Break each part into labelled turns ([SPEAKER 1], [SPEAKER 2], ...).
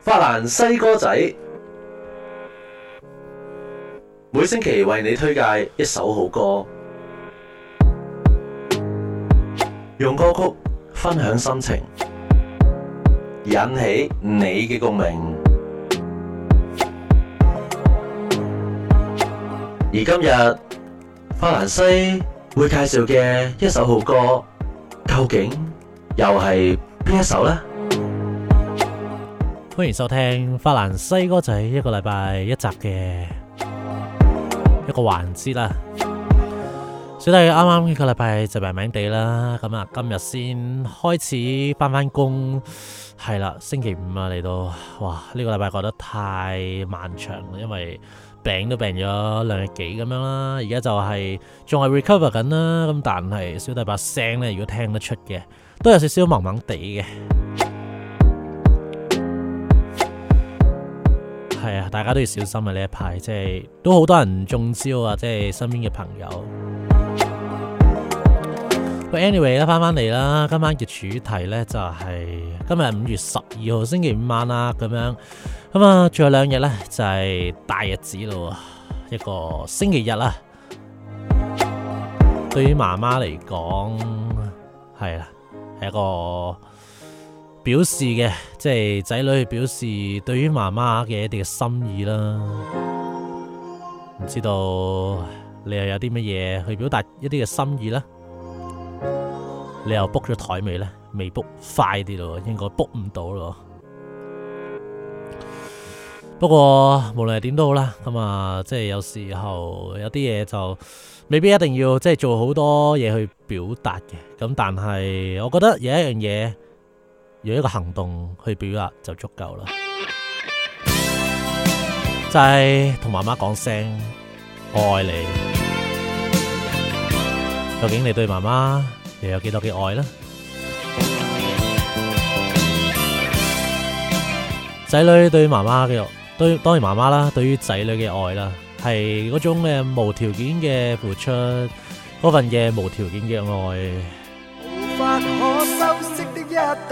[SPEAKER 1] 法蘭西歌仔每星期為你推介一首好歌，用歌曲分享心情，引起你嘅共鳴。而今日法蘭西會介紹嘅一首好歌，究竟又係邊一首呢？歡迎收聽法蘭西哥仔一個禮拜一集嘅一個環節啦，小弟啱啱一個禮拜就病病哋啦，咁啊今日先開始翻翻工係啦，星期五啊嚟到，哇呢個禮拜覺得太漫長啦，因為病都病咗兩日幾咁樣啦，而家就係仲係 recover 緊啦，咁但係小弟把聲咧如果聽得出嘅，都有少少萌萌地嘅。係啊，大家都要小心啊！呢一排即係都好多人中招啊！即係身邊嘅朋友。喂，anyway 咧，翻翻嚟啦！今晚嘅主題呢、就是，就係今日五月十二號星期五晚啦，咁樣咁啊，仲有兩日呢，就係、是、大日子咯，一個星期日啦。對於媽媽嚟講，係啊，係一個。表示嘅，即係仔女表示對於媽媽嘅一啲嘅心意啦。唔知道你又有啲乜嘢去表達一啲嘅心意呢？你又 book 咗台未呢？未 book 快啲咯，應該 book 唔到咯。不過無論係點都好啦，咁啊，即係有時候有啲嘢就未必一定要即係做好多嘢去表達嘅。咁但係我覺得有一樣嘢。有一個行動去表達就足夠啦，就係同媽媽講聲我愛你。究竟你對媽媽又有幾多嘅愛呢？仔女對媽媽嘅對當然媽媽啦，對於仔女嘅愛啦，係嗰種嘅無條件嘅付出，嗰份嘅無條件嘅愛。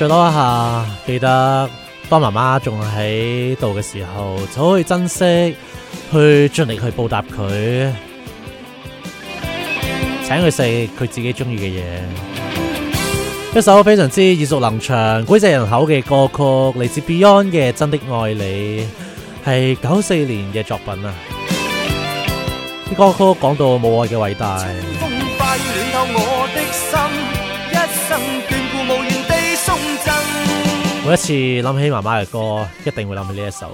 [SPEAKER 1] 再多一下，記得當媽媽仲喺度嘅時候，就可以珍惜，去盡力去報答佢，請佢食佢自己中意嘅嘢。一首非常之耳熟能詳、膾炙人口嘅歌曲，嚟自 Beyond 嘅《真的愛你》，係九四年嘅作品啊！啲歌曲講到母愛嘅偉大。每一次諗起媽媽嘅歌，一定會諗起呢一首。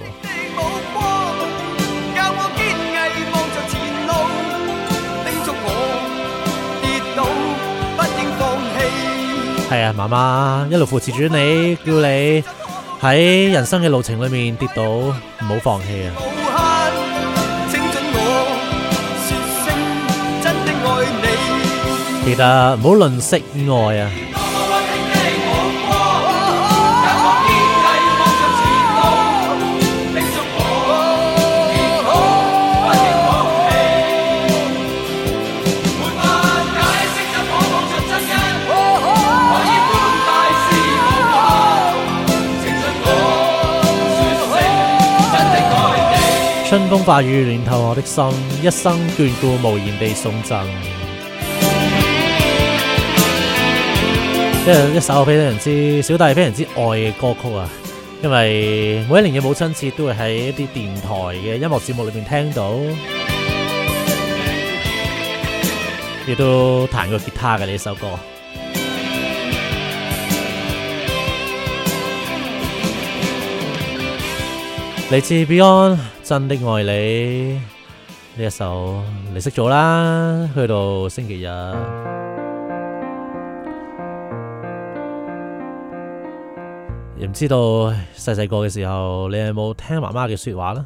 [SPEAKER 1] 係啊，媽媽一路扶持住你，叫你喺人生嘅路程裏面跌倒，唔好放棄啊！
[SPEAKER 2] 其實
[SPEAKER 1] 唔好論識愛啊！春風化雨暖透我的心，一生眷顧無言地送贈。即係一首非常之小弟非常之愛嘅歌曲啊！因為每一年嘅母親節都會喺一啲電台嘅音樂節目裏面聽到，亦都彈過吉他嘅呢首歌，嚟自 Beyond。真的愛你，呢一首你識咗啦？去到星期日，又唔知道細細個嘅時候，你有冇聽媽媽嘅說話啦？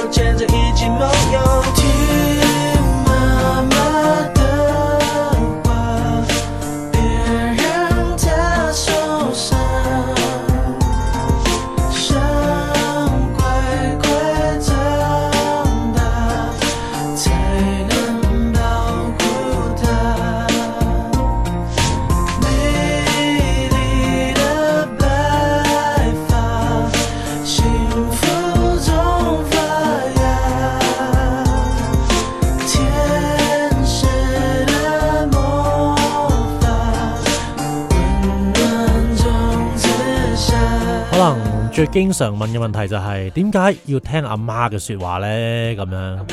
[SPEAKER 1] 經常問嘅問題就係點解要聽阿媽嘅說話呢？咁樣。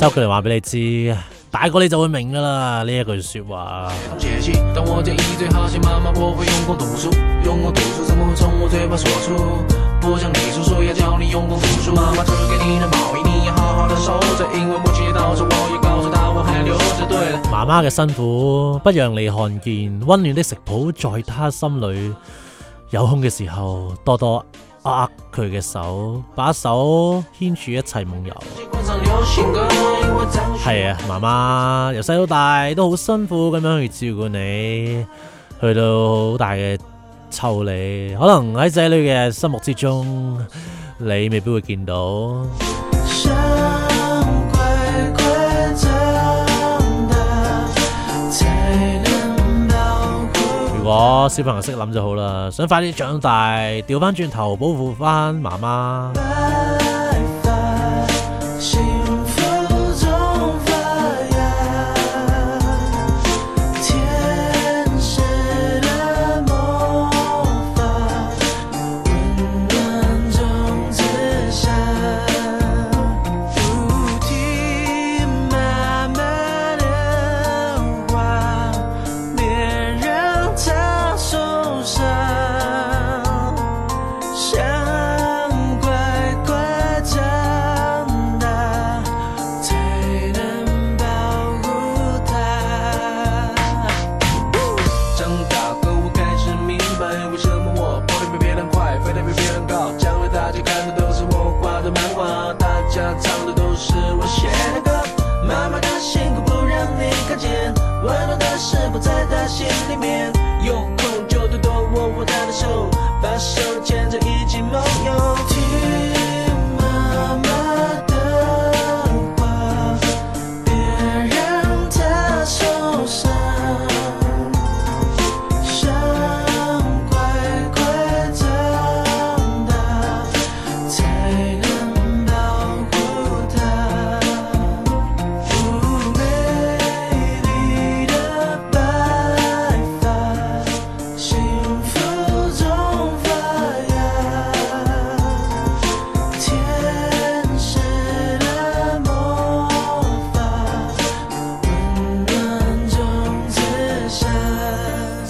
[SPEAKER 3] 周
[SPEAKER 1] 杰倫話俾你知，大個你，你就會明噶啦，呢一句說話。媽媽嘅辛苦，不讓你看見，溫暖的食譜在她心裏。有空嘅時候，多多握佢嘅手，把手牽住一齊夢
[SPEAKER 3] 遊。係、嗯、
[SPEAKER 1] 啊，媽媽由細到大都好辛苦咁樣去照顧你，去到好大嘅湊你，可能喺仔女嘅心目之中，你未必會見到。如果小朋友識諗就好啦，想快啲長大，調翻轉頭保護翻媽媽。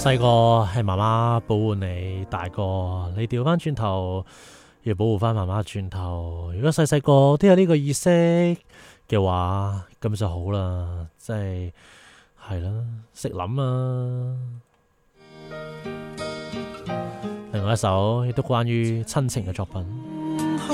[SPEAKER 1] 細個係媽媽保護你，大個你調翻轉頭要保護翻媽媽。轉頭，如果細細個都有呢個意識嘅話，咁就好啦。即係係啦，識諗啊，啊。另外一首亦都關於親情嘅作品。
[SPEAKER 4] 去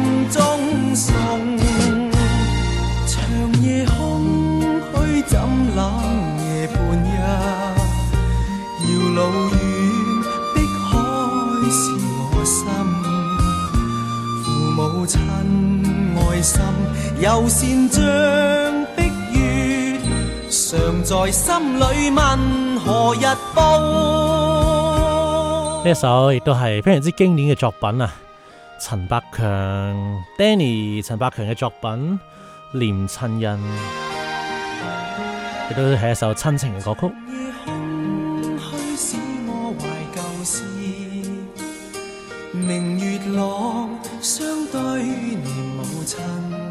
[SPEAKER 4] 呢一首亦都係非
[SPEAKER 1] 常之經典嘅作品啊！陳百強 Danny 陳百強嘅作品《念親恩》Danny，亦都係一首親情
[SPEAKER 4] 嘅歌曲。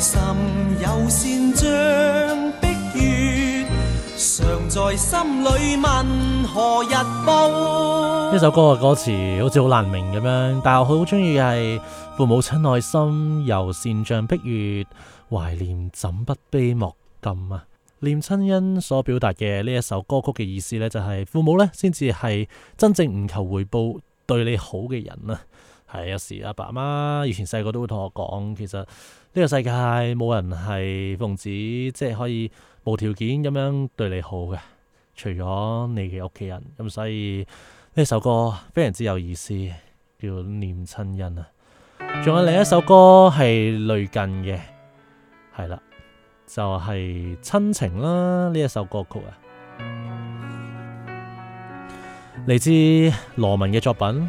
[SPEAKER 4] 心有善象碧月，常在心裏問何日報？
[SPEAKER 1] 呢首歌嘅歌詞好似好難明咁樣，但係我好中意係父母親愛心由善象碧月，懷念怎不悲莫禁啊！念親恩所表達嘅呢一首歌曲嘅意思呢，就係父母呢先至係真正唔求回報對你好嘅人啊！有時阿爸阿媽以前細個都會同我講，其實呢個世界冇人係奉旨，即係可以無條件咁樣對你好嘅，除咗你嘅屋企人。咁所以呢首歌非常之有意思，叫念親恩啊。仲有另一首歌係類近嘅，係啦，就係親情啦呢一首歌曲啊，嚟自羅文嘅作品。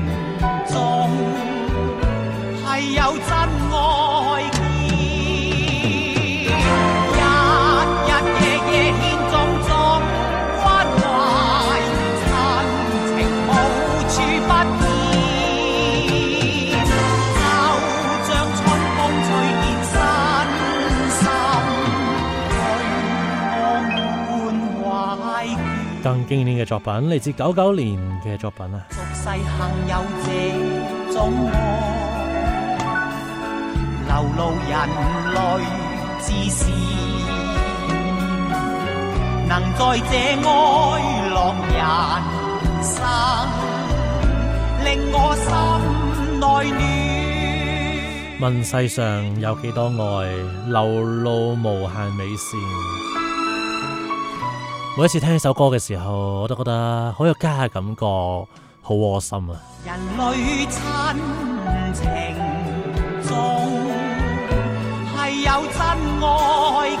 [SPEAKER 1] 經典嘅作品，嚟自九九年嘅作品啊！
[SPEAKER 5] 俗世幸有這種愛，流露人類之善，能在這愛樂人生，令我心內暖。
[SPEAKER 1] 問世上有幾多愛，流露無限美善。每一次聽呢首歌嘅時候，我都覺得好有家嘅感覺，好窩心啊！
[SPEAKER 3] 人類親情
[SPEAKER 5] 中係有真愛。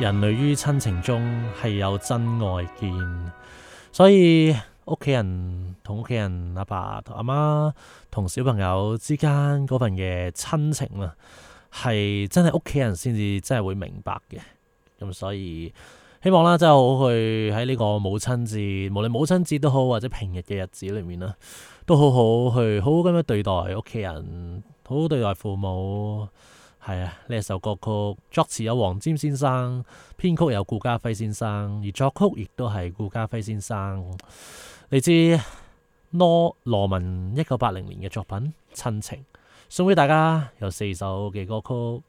[SPEAKER 1] 人類於親情中係有真愛見，所以屋企人同屋企人，阿爸同阿媽同小朋友之間嗰份嘅親情啦，係真係屋企人先至真係會明白嘅。咁所以希望啦，真係好好去喺呢個母親節，無論母親節都好，或者平日嘅日子裏面啦，都好好去好好咁樣對待屋企人，好好好對待父母。係啊，呢一首歌曲作詞有黃沾先生，編曲有顧家輝先生，而作曲亦都係顧家輝先生，嚟自羅羅文一九八零年嘅作品《親情》，送俾大家。有四首嘅歌曲，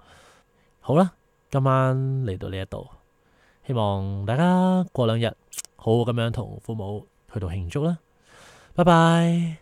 [SPEAKER 1] 好啦，今晚嚟到呢一度，希望大家過兩日好好咁樣同父母去到慶祝啦。拜拜。